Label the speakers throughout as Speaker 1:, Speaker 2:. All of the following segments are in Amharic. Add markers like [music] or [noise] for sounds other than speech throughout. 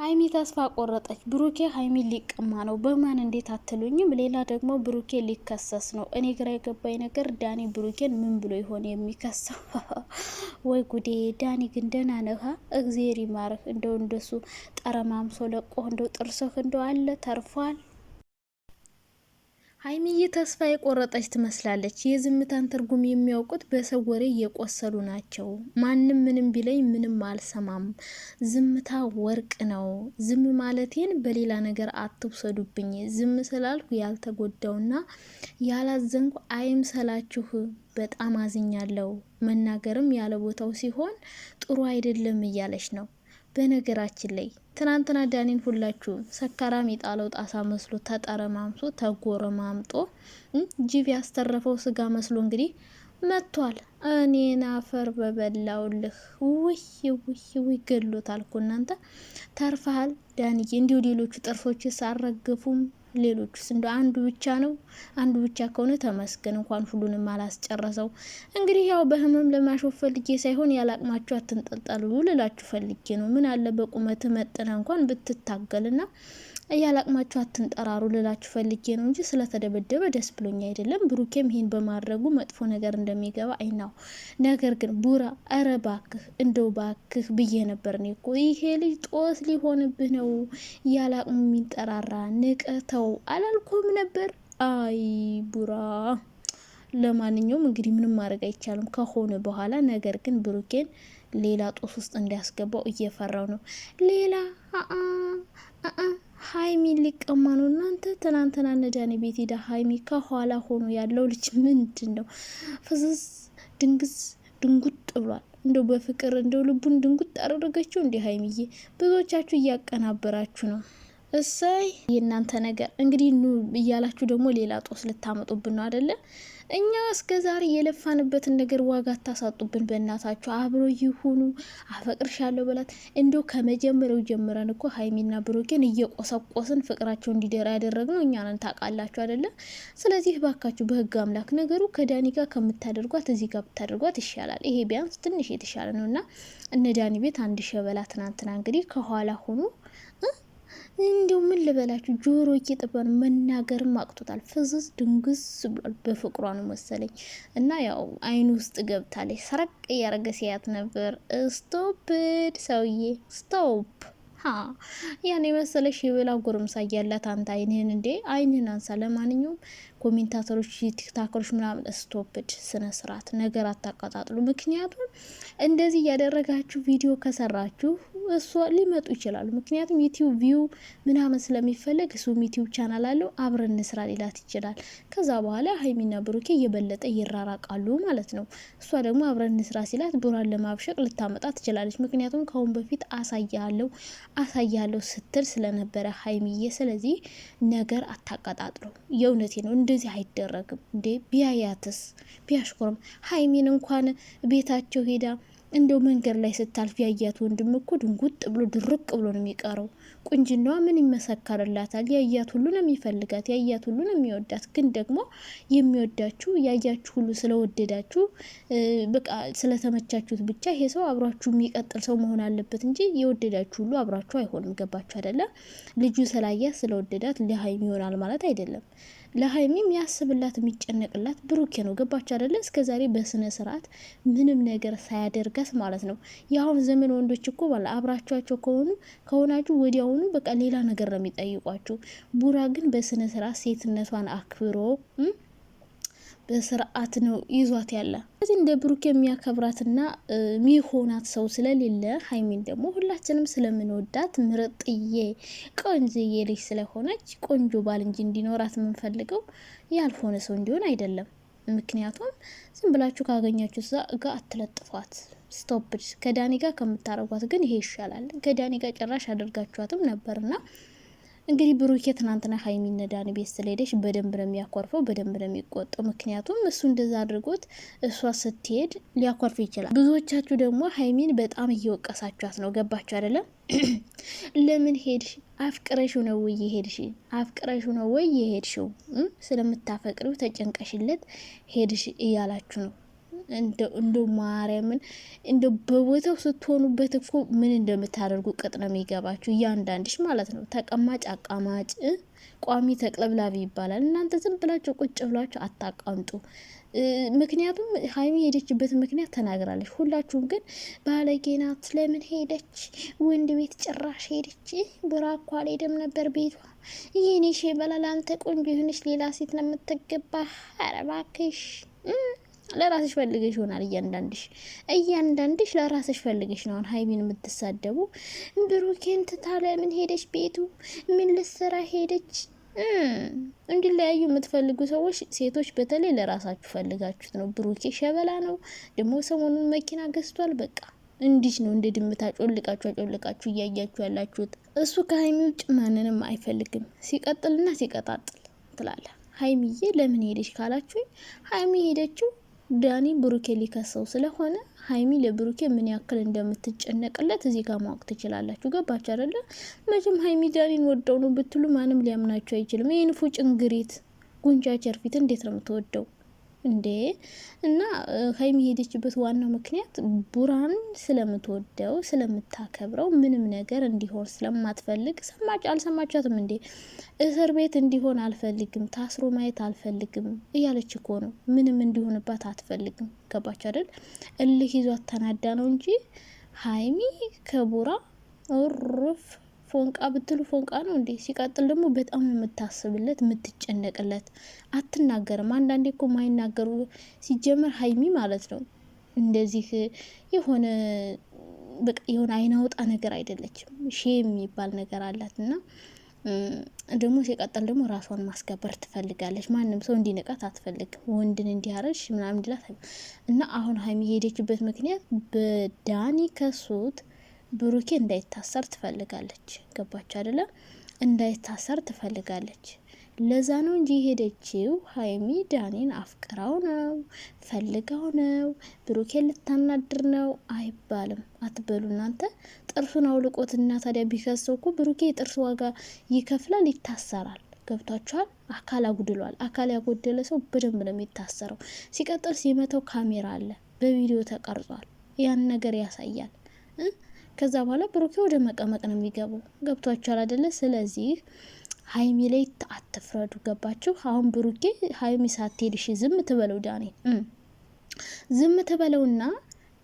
Speaker 1: ሀይሚ ተስፋ ቆረጠች። ብሩኬ ሀይሚ ሊቀማ ነው። በማን እንዴት አትሉኝም? ሌላ ደግሞ ብሩኬ ሊከሰስ ነው። እኔ ግራ የገባኝ ነገር ዳኒ ብሩኬን ምን ብሎ ይሆን የሚከሰው? [laughs] ወይ ጉዴ! ዳኒ ግን ደህና ነህ? እግዜር ይማርህ። እንደው እንደሱ ጠረማምሶ ለቆህ እንደው ጥርስህ እንደው አለ ተርፏል። ሀይሚዬ ተስፋ የቆረጠች ትመስላለች። የዝምታን ትርጉም የሚያውቁት በሰው ወሬ እየቆሰሉ ናቸው። ማንም ምንም ቢለኝ ምንም አልሰማም፣ ዝምታ ወርቅ ነው። ዝም ማለቴን በሌላ ነገር አትውሰዱብኝ። ዝም ስላልኩ ያልተጎዳውና ያላዘንኩ አይምሰላችሁ። በጣም አዝኛለሁ። መናገርም ያለ ቦታው ሲሆን ጥሩ አይደለም እያለች ነው። በነገራችን ላይ ትናንትና ዳኒን ሁላችሁ ሰካራም የጣለው ጣሳ መስሎ ተጠረማምሶ ተጎረማምጦ ጅብ ያስተረፈው ስጋ መስሎ እንግዲህ መጥቷል። እኔን አፈር በበላውልህ ውይ ውይ ውይ ገሎታል እኮ እናንተ ተርፈሃል ዳንዬ። እንዲሁ ሌሎቹ ጥርሶች ሳረግፉም ሌሎቹስ እንደ አንዱ ብቻ ነው። አንዱ ብቻ ከሆነ ተመስገን፣ እንኳን ሁሉንም አላስጨረሰው። እንግዲህ ያው በህመም ለማሾፍ ፈልጌ ሳይሆን ያላቅማችሁ አትንጠልጠሉ ልላችሁ ፈልጌ ነው። ምን አለ በቁመት መጠና እንኳን ብትታገልና እያላቅማችሁ አትንጠራሩ ልላችሁ ፈልጌ ነው እንጂ ስለተደበደበ ደስ ብሎኝ አይደለም። ብሩኬም ይህን በማድረጉ መጥፎ ነገር እንደሚገባ አይናው። ነገር ግን ቡራ፣ እረ ባክህ፣ እንደው ባክህ ብዬ ነበር። እኔ እኮ ይሄ ልጅ ጦስ ሊሆንብህ ነው፣ እያላቅሙ የሚንጠራራ ንቀተው አላልኩም ነበር? አይ ቡራ ለማንኛውም እንግዲህ ምንም ማድረግ አይቻልም ከሆነ በኋላ። ነገር ግን ብሩኬን ሌላ ጦስ ውስጥ እንዲያስገባው እየፈራው ነው ሌላ ሀይሚ ሊቀማ ነው። እናንተ ትናንትና ነዳኔ ቤት ሄዳ ሀይሚ ከኋላ ሆኖ ያለው ልጅ ምንድን ነው? ፍዝዝ ድንግዝ ድንጉጥ ብሏል። እንደው በፍቅር እንደው ልቡን ድንጉጥ አደረገችው። እንዲህ ሀይሚዬ ብዙዎቻችሁ እያቀናበራችሁ ነው። እሰይ የእናንተ ነገር እንግዲህ ኑ እያላችሁ ደግሞ ሌላ ጦስ ልታመጡብን ነው አደለ? እኛ እስከ ዛሬ የለፋንበትን ነገር ዋጋ አታሳጡብን። በእናታችሁ አብሮ ይሁኑ። አፈቅርሻለሁ በላት። እንዲያው ከመጀመሪያው ጀምረን እኮ ሀይሚና ብሩኬን እየቆሰቆስን ፍቅራቸው እንዲደራ ያደረግነው እኛ ነን። ታውቃላችሁ አደለም? ስለዚህ ባካችሁ በህግ አምላክ ነገሩ ከዳኒ ጋር ከምታደርጓት እዚህ ጋር ብታደርጓት ይሻላል። ይሄ ቢያንስ ትንሽ የተሻለ ነው እና እነ ዳኒ ቤት አንድ ሸበላ ትናንትና እንግዲህ ከኋላ ሆኑ እንዲሁ ምን ልበላችሁ ጆሮ እየጠባን መናገርም አቅቶታል። ፍዝዝ ድንግዝ ብሏል። በፍቅሯ ነው መሰለኝ እና ያው አይኑ ውስጥ ገብታለች። ሰረቅ እያረገ ሲያት ነበር። ስቶፕድ ሰውዬ ስቶፕ ያን የመሰለ ሺህ ብላ ጎረምሳ እያላት አንተ አይንህን እንዴ አይንህን አንሳ። ለማንኛውም ኮሜንታተሮች፣ ቲክታከሮች ምናምን ስቶፕድ ስነ ስርዓት ነገር አታቀጣጥሉ። ምክንያቱም እንደዚህ እያደረጋችሁ ቪዲዮ ከሰራችሁ እሷ ሊመጡ ይችላሉ። ምክንያቱም ዩቲዩብ ቪው ምናምን ስለሚፈለግ እሱም ዩቲዩብ ቻናል አለው አብረን ስራ ሌላት ይችላል። ከዛ በኋላ ሀይሚና ብሩኬ እየበለጠ ይራራቃሉ ማለት ነው። እሷ ደግሞ አብረን ስራ ሲላት ቡራን ለማብሸቅ ልታመጣ ትችላለች። ምክንያቱም ከአሁን በፊት አሳያለው አሳያለው ስትል ስለነበረ ሀይሚዬ፣ ስለዚህ ነገር አታቀጣጥለው። የእውነቴ ነው። እንደዚህ አይደረግም እንዴ! ቢያያትስ ቢያሽኮርም ሀይሚን እንኳን ቤታቸው ሄዳ እንደው መንገድ ላይ ስታልፍ ያያት ወንድም እኮ ድንጉጥ ብሎ ድርቅ ብሎ ነው የሚቀረው። ቁንጅናዋ ምን ይመሰከርላታል? ያያት ሁሉ ነው የሚፈልጋት፣ ያያት ሁሉ ነው የሚወዳት። ግን ደግሞ የሚወዳችሁ ያያችሁ ሁሉ ስለወደዳችሁ በቃ ስለተመቻችሁት ብቻ ይሄ ሰው አብሯችሁ የሚቀጥል ሰው መሆን አለበት እንጂ የወደዳችሁ ሁሉ አብሯችሁ አይሆንም። ገባችሁ አይደለም? ልጁ ስላያት ስለወደዳት ለሀይም ይሆናል ማለት አይደለም። ለሀይሚ የሚያስብላት የሚጨነቅላት ብሩኬ ነው። ገባችሁ አይደለም? እስከዛሬ በስነ ስርዓት ምንም ነገር ሳያደርጋት መጥቀስ ማለት ነው። የአሁን ዘመን ወንዶች እኮ ባለ አብራችኋቸው ከሆኑ ከሆናችሁ ወዲያውኑ በቃ ሌላ ነገር ነው የሚጠይቋችሁ። ቡራ ግን በስነ ስርዓት ሴትነቷን አክብሮ በስርዓት ነው ይዟት ያለ። ስለዚህ እንደ ብሩክ የሚያከብራትና ሚሆናት ሰው ስለሌለ ሀይሚን ደግሞ ሁላችንም ስለምንወዳት ምርጥዬ ቆንጆዬ ልጅ ስለሆነች ቆንጆ ባል እንጂ እንዲኖራት የምንፈልገው ያልሆነ ሰው እንዲሆን አይደለም። ምክንያቱም ዝም ብላችሁ ካገኛችሁ እዛ ጋ አትለጥፏት። ስቶፕድ ከዳኒ ጋር ከምታረጓት ግን ይሄ ይሻላል። ከዳኒ ጋር ጭራሽ አድርጋችኋትም ነበርና እንግዲህ ብሩኬ ትናንትና ሀይሚነ ዳኒ ቤት ስለሄደች በደንብ ነው የሚያኮርፈው፣ በደንብ ነው የሚቆጠው። ምክንያቱም እሱ እንደዛ አድርጎት እሷ ስትሄድ ሊያኮርፍ ይችላል። ብዙዎቻችሁ ደግሞ ሀይሚን በጣም እየወቀሳችኋት ነው። ገባችሁ አይደለም? [clears throat] ለምን ሄድሽ? አፍቅረሽ ነው ወይ የሄድሽ? አፍቅረሽ ነው ወይ የሄድሽው? ስለምታፈቅሪው ተጨንቀሽለት ሄድሽ እያላችሁ ነው እንደ ማርያምን እንደ በቦታው ስትሆኑበት እኮ ምን እንደምታደርጉ ቅጥ ነው የሚገባችሁ እያንዳንድሽ ማለት ነው። ተቀማጭ አቃማጭ፣ ቋሚ ተቅለብላቢ ይባላል። እናንተ ዝም ብላችሁ ቁጭ ብላችሁ አታቃምጡ። ምክንያቱም ሀይሚ ሄደችበት ምክንያት ተናግራለች። ሁላችሁም ግን ባለጌናት ለምን ሄደች? ወንድ ቤት ጭራሽ ሄደች። ብራኳ አልሄደም ነበር ቤቷ። ይህኔሽ በላል ቆንጆ የሆነች ሌላ ሴት ነው የምትገባ። አረባክሽ ለራስሽ ፈልገሽ ይሆናል። እያንዳንድሽ እያንዳንድሽ ለራስሽ ፈልገሽ ነው። አሁን ሀይሚን የምትሳደቡ ብሩኬን ትታለ ምን ሄደች? ቤቱ ምን ልትሰራ ሄደች? እንዲለያዩ የምትፈልጉ ሰዎች ሴቶች በተለይ ለራሳችሁ ፈልጋችሁት ነው። ብሩኬ ሸበላ ነው፣ ደግሞ ሰሞኑን መኪና ገዝቷል። በቃ እንዲች ነው እንደ ድምታ ጮልቃችሁ አጮልቃችሁ እያያችሁ ያላችሁት። እሱ ከሀይሚ ውጭ ማንንም አይፈልግም። ሲቀጥልና ሲቀጣጥል ትላለ። ሀይሚዬ ለምን ሄደች ካላችሁኝ ሀይሚ ሄደችው ዳኒ ብሩኬ ሊከሰው ስለሆነ ሀይሚ ለብሩኬ ምን ያክል እንደምትጨነቅለት እዚህ ጋር ማወቅ ትችላላችሁ። ገባች አደለ? መቼም ሀይሚ ዳኒን ወደው ነው ብትሉ ማንም ሊያምናቸው አይችልም። ይህን ፉጭ እንግሪት ጉንጃ ቸርፊት እንዴት ነው የምትወደው? እንዴ እና ሀይሚ ሄደችበት ዋናው ምክንያት ቡራን ስለምትወደው ስለምታከብረው ምንም ነገር እንዲሆን ስለማትፈልግ ሰማች አልሰማቻትም እንዴ እስር ቤት እንዲሆን አልፈልግም ታስሮ ማየት አልፈልግም እያለች እኮ ነው ምንም እንዲሆንባት አትፈልግም ገባች አይደል እልህ ይዟት ተናዳ ነው እንጂ ሀይሚ ከቡራ ርፍ ፎንቃ ብትሉ ፎንቃ ነው እንዴ? ሲቀጥል ደግሞ በጣም የምታስብለት የምትጨነቅለት፣ አትናገርም። አንዳንዴ እኮ ማይናገሩ ሲጀመር ሀይሚ ማለት ነው እንደዚህ የሆነ በቃ የሆነ አይናውጣ ነገር አይደለችም። ሺ የሚባል ነገር አላት እና ደግሞ ሲቀጠል ደግሞ ራሷን ማስከበር ትፈልጋለች። ማንም ሰው እንዲንቃት አትፈልግም። ወንድን እንዲያረሽ ምናምን እንዲላት እና አሁን ሀይሚ የሄደችበት ምክንያት በዳኒ ከሱት ብሩኬ እንዳይታሰር ትፈልጋለች። ገባች አይደለም? እንዳይታሰር ትፈልጋለች። ለዛ ነው እንጂ የሄደችው ሀይሚ ዳኒን አፍቅራው ነው ፈልጋው ነው ብሩኬ ልታናድር ነው አይባልም። አትበሉ እናንተ። ጥርሱን አውልቆትና ታዲያ ቢከሰው እኮ ብሩኬ የጥርስ ዋጋ ይከፍላል፣ ይታሰራል። ገብቷችኋል? አካል አጉድሏል። አካል ያጎደለ ሰው በደንብ ነው የሚታሰረው። ሲቀጥል ሲመተው ካሜራ አለ፣ በቪዲዮ ተቀርጿል። ያን ነገር ያሳያል። ከዛ በኋላ ብሩኬ ወደ መቀመቅ ነው የሚገባው። ገብቷችኋል አይደለ? ስለዚህ ሀይሚ ላይ አትፍረዱ። ገባችሁ? አሁን ብሩኬ ሀይሚ ሳትሄድሽ ዝም ትበለው ዳኒ ዝም ትበለውና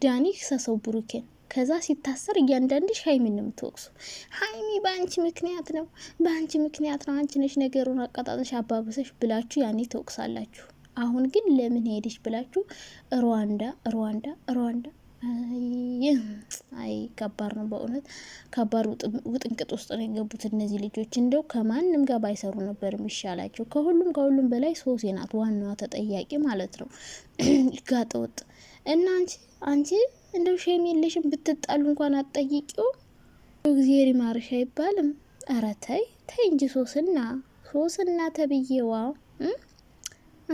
Speaker 1: ዳኒ ክሰሰው ብሩኬን ከዛ ሲታሰር እያንዳንድሽ ሀይሚን ነው የምትወቅሱ። ሀይሚ በአንቺ ምክንያት ነው በአንቺ ምክንያት ነው አንቺ ነሽ ነገሩን አቀጣጥለሽ አባበሰሽ ብላችሁ ያኔ ትወቅሳላችሁ። አሁን ግን ለምን ሄደች ብላችሁ ሩዋንዳ ሩዋንዳ ሩዋንዳ አይ ከባድ ነው በእውነት ከባድ ውጥንቅጥ ውስጥ ነው የገቡት እነዚህ ልጆች። እንደው ከማንም ጋር ባይሰሩ ነበር የሚሻላቸው። ከሁሉም ከሁሉም በላይ ሶሴ ናት ዋናዋ ተጠያቂ ማለት ነው። [clears throat] ጋጠወጥ እና አንቺ አንቺ እንደው ሼም የለሽም ብትጣሉ እንኳን አትጠይቂው። እግዜር ይማርሽ አይባልም። ኧረ ተይ ተይ እንጂ ሶስና ሶስና ተብዬዋ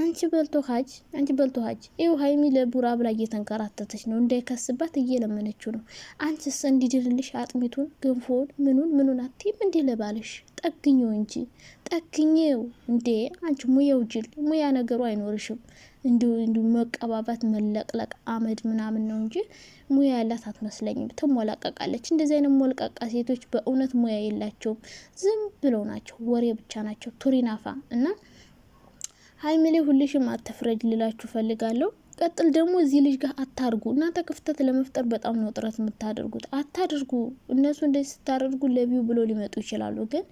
Speaker 1: አንቺ በልቶ ሀጅ አንቺ በልቶ ሀጅ ሀይሚ ለቡራ ብላ እየተንከራተተች ነው፣ እንዳይከስባት እየለመነችው ነው። አንቺስ እንዲድርልሽ አጥሚቱን፣ ግንፎን ምኑን ምኑን አትይም እንዴ ለባልሽ? ጠግኘው እንጂ ጠግኘው እንዴ አንቺ ሙያው ጅል ሙያ ነገሩ አይኖርሽም። እንዲሁ እንዲሁ መቀባባት፣ መለቅለቅ፣ አመድ ምናምን ነው እንጂ ሙያ ያላት አትመስለኝም። ትሞላቀቃለች። እንደዚህ አይነት ሞልቃቃ ሴቶች በእውነት ሙያ የላቸውም። ዝም ብለው ናቸው፣ ወሬ ብቻ ናቸው። ቱሪናፋ እና ሀይሚ ላይ ሁልሽም አትፍረጅ ልላችሁ ፈልጋለሁ። ቀጥል ደግሞ እዚህ ልጅ ጋር አታርጉ እናንተ። ክፍተት ለመፍጠር በጣም ነው ጥረት የምታደርጉት። አታድርጉ። እነሱ እንደዚህ ስታደርጉ ለቢው ብሎ ሊመጡ ይችላሉ፣ ግን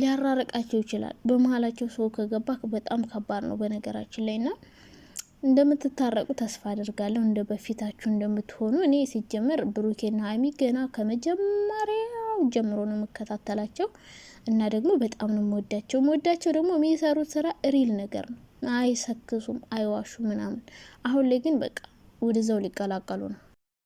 Speaker 1: ሊያራርቃቸው ይችላል። በመሀላቸው ሰው ከገባ በጣም ከባድ ነው በነገራችን ላይ ና እንደምትታረቁ ተስፋ አድርጋለሁ። እንደ በፊታችሁ እንደምትሆኑ እኔ ሲጀመር ብሩኬና ሀይሚ ገና ከመጀመሪያው ጀምሮ ነው የምከታተላቸው እና ደግሞ በጣም ነው የምወዳቸው። የምወዳቸው ደግሞ የሚሰሩት ስራ ሪል ነገር ነው። አይሰክሱም፣ አይዋሹ ምናምን። አሁን ላይ ግን በቃ ወደዛው ሊቀላቀሉ ነው።